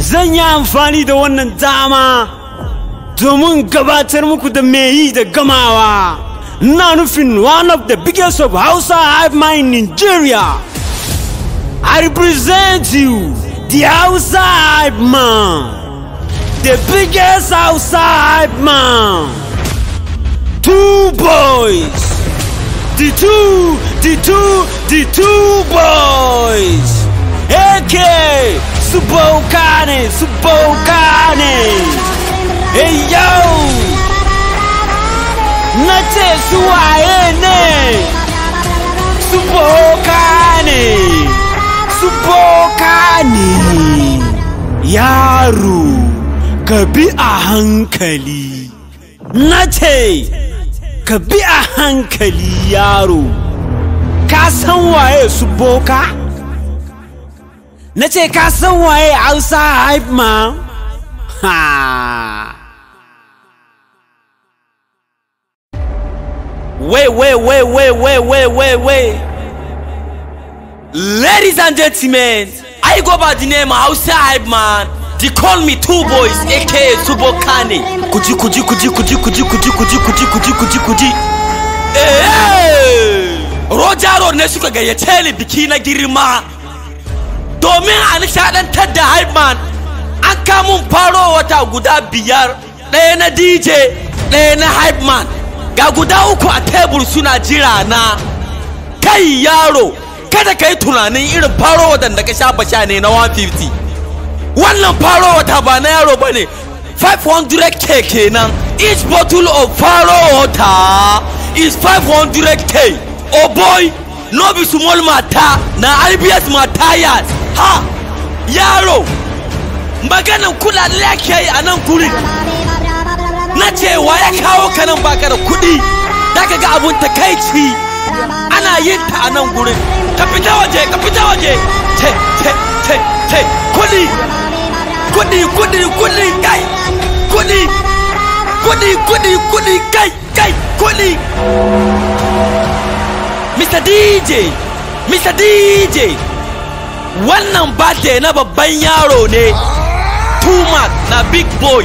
zan yi amfani da wannan dama domin gabatar muku da meyi da gamawa na nufin one of the biggest of hausa hive mind in nigeria i represent you the hausa hive man the biggest hausa hive man two boys the two the two the two boys AK. Subou carne, subou carne. Hey yo! Na ce waye ne. Subou carne, subou carne. Yaro, ka bi a hankali. Na ce, ka bi a hankali yaro. Ka san waye su na ce ka san waye hausa hype ma ha wait wait wait wait wait wait wait wait ladies and gentlemen i go by the name hausa hype man they call me two boys aka subokane kuji kuji kuji kuji kuji kuji kuji kuji kuji kuji kuji eh rojaro ne suka gayyace ni biki na girma domin a nishadantar da Hypeman an kamun faro wata guda biyar ɗaya na DJ ɗaya na Hypeman ga guda uku a tebur suna jira na kai yaro kada ka yi tunanin irin faro wata da ka sha basha ne na 150 wannan faro wata ba na yaro ba ne 500k kenan each bottle of faro wata is 500k oh boy no be small mata na ibs matayas ha yaro maganan kula da yi a nan gurin na cewa ya kawo ka nan baka da kudi da ka ga abun takaici ana yin ta a nan gurin ka fita waje ka fita waje ce ce ce ce kudi kudi kudi kudi kai kudi kudi kudi kudi kai kai kudi. Mr. DJ Mr. DJ wannan birthday na babban yaro ne Tumat na big boy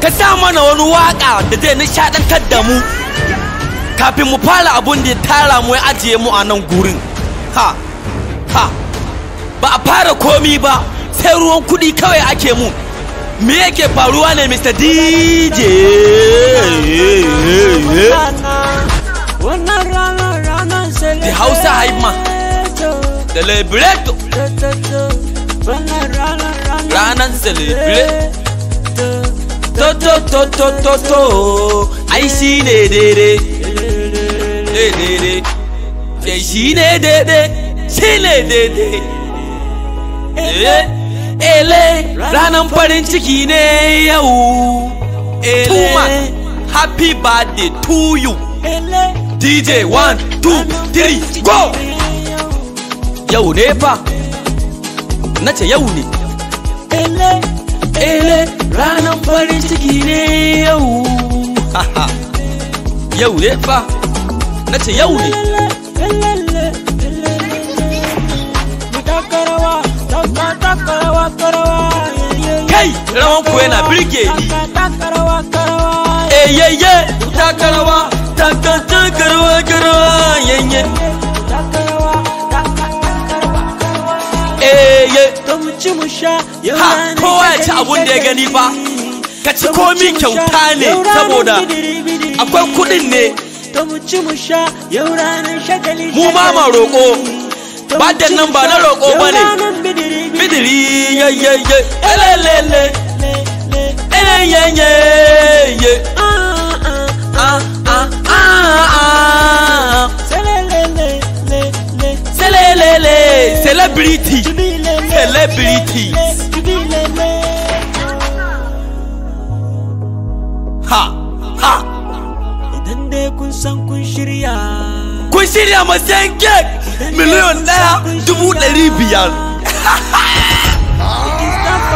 ka sa mana wani waƙa da zai nishaɗantar da mu kafin mu fara abun da ya tara mu ya ajiye mu a nan gurin ha ha ba a fara komi ba sai ruwan kuɗi kawai ake mu me yake faruwa ne mr dj Hausa hype man. Celebrato. Rana celebrate. To to to to to to. Ai shi ne dede. Dede. Sai shi ne dede. Shi ne dede. Ele eh, eh, ranan farin ciki ne yau. Ele eh, happy birthday to you. Ele dj 1 2 3 go yau ne fa na ce yau ne ele ele ranar farin ciki ne yau yau ne fa na ce yau ne kai rawan yana birge ni eyeye takarawa taka taka rawa garwa yanye eh ta mu ci mu sha ha kowa ya ci abun da ya gani fa ka ci komi kyauta ne saboda akwai kudin ne mu ci mu sha yau ranar shagali mu ma ma roƙo badan nan ba na roƙo ba ye. celebrity celebrity ha ha idan dai kun san kun shirya kun shirya matsayin miliyon daya dubu dari biyar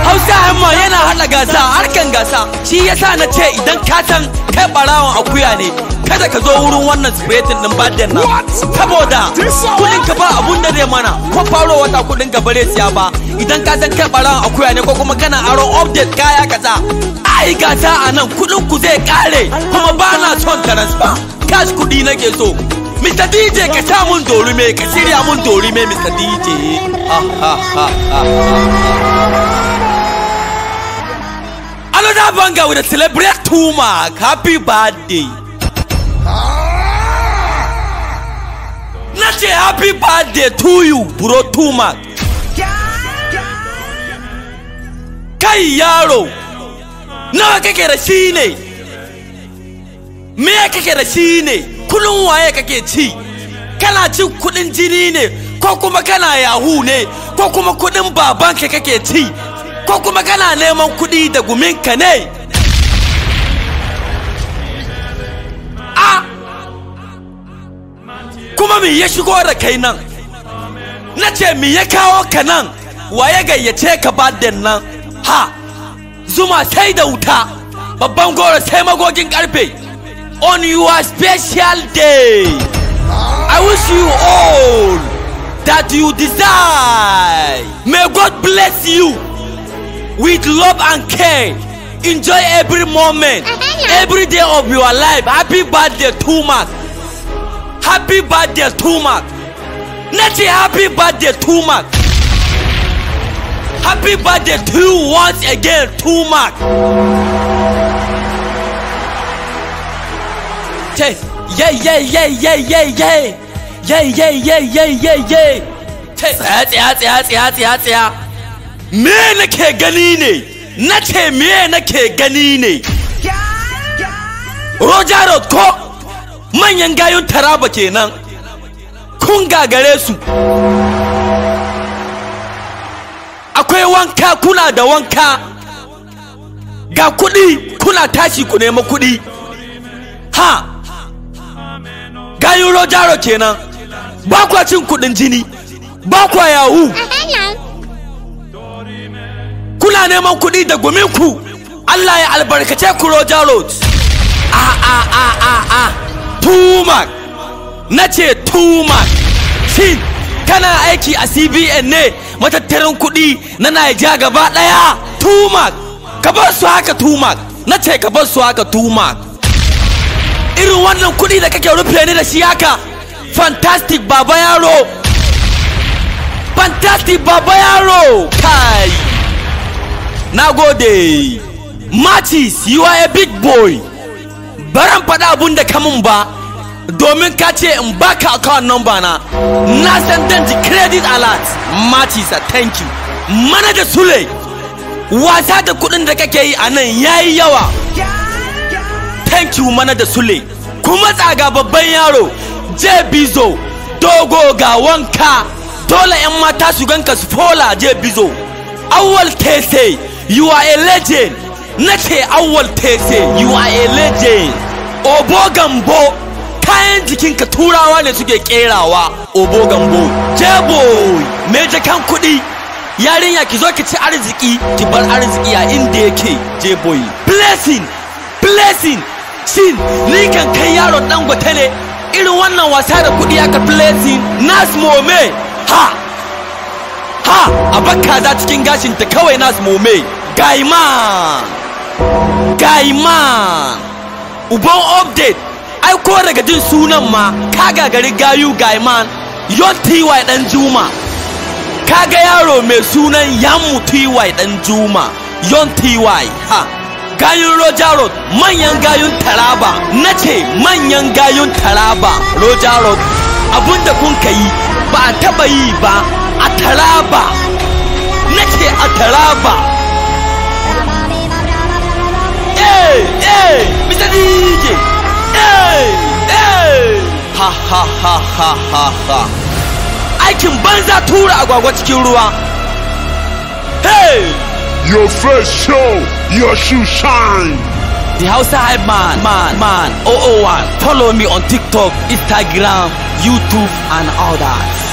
hausa hamma yana hada gasa harkan gasa shi yasa na ce idan ka san kai barawan akuya ne kada ka zo wurin wannan sifiretin din baden nan saboda kudin ka ba abun da zai mana ko faro wata kudin ka bare siya ba idan ka san kai baran akuya ne ko kuma kana aro update kaya kasa ai ga ta anan kudin ku zai kare kuma ba na son transfer cash kudi nake so Mr. DJ ka sa mun me ka shirya mun me Mr. DJ ha ha ha ha Another with a celebrate Tumac. Happy birthday. na ce happy birthday to you bro tuma kai yaro nawa kake da shi ne me kake da shi ne kullum waye kake ci kana cin kudin jini ne ko kuma kana yahu ne ko kuma kudin babanka kake ci ko kuma kana neman kudi da guminka ne kuma me ya shigo kainan, na ce me ya kawo ka nan wa ya gayyace ka nan ha zuma sai da wuta babban goro sai magogin karfe on your special day i wish you all that you desire may god bless you with love and care enjoy every moment uh-huh, every day of your life happy birthday to months happy birthday two mark nati happy birthday two mark happy birthday to you once again two mark yeah, yeah yeah yeah yeah yeah yeah yeah yeah yeah yeah yeah yeah tsaya tsaya tsaya tsaya tsaya tsaya me nake gani ne na ce me nake gani ne roja road manyan gayun taraba kenan kun gagare su akwai wanka kuna da wanka ga kuɗi kuna tashi ku nema kuɗi ha gayun rojaro kenan ba kwa cin kuɗin jini ba kwa yahu kuna neman kuɗi da guminku Allah ya albarkace ku Rojaro. road ah, a ah, a ah, a a a tumak na ce tumak shin kana aiki a cbn ne matattarin kudi na naija gaba daya tumak ka bar su haka tumak na ce ka bar su haka tumak irin wannan kudi da kake rufe ni da shi haka fantastic baba yaro fantastic baba yaro kai na gode matis you are a big boy baran faɗa abun da ka kamun ba domin ka ce in ba baka account number na na san dan credit alert matisa thank you mana da sule wasa da kuɗin da kake yi a nan yayi yawa thank you mana da sule kuma tsaga babban yaro je bizo dogo ga wanka dole 'yan mata su ganka su fola je bizo awwal tese you are a legend na awwal tese you are a legend obo gambo kayan jikinka turawa ne suke kerawa obo gambo jebo Me jakan kuɗi yarinya ki zo ki ci arziki ki bar arziki a inda yake jebo blessing blessing sin ni kan kai yaro dan gwate ne irin wannan wasa da kuɗi aka blessing nas mome ha ha a bar za cikin gashinta kawai nas mome gaima gaima uban update ai ko daga jin sunan ma ka gagari gayu gaiman yon ty dan juma ka ga yaro mai sunan yamu ty dan juma yon ty ha gayun roja road manyan gayun taraba na ce manyan gayun taraba roja road abinda kun ka yi ba a taba yi ba a taraba na ce a taraba ha ha ha ha ha aikin banza tura agwagwa cikin ruwa hey your face show your shoe shine the house hype man man man 001 follow me on tiktok instagram youtube and all that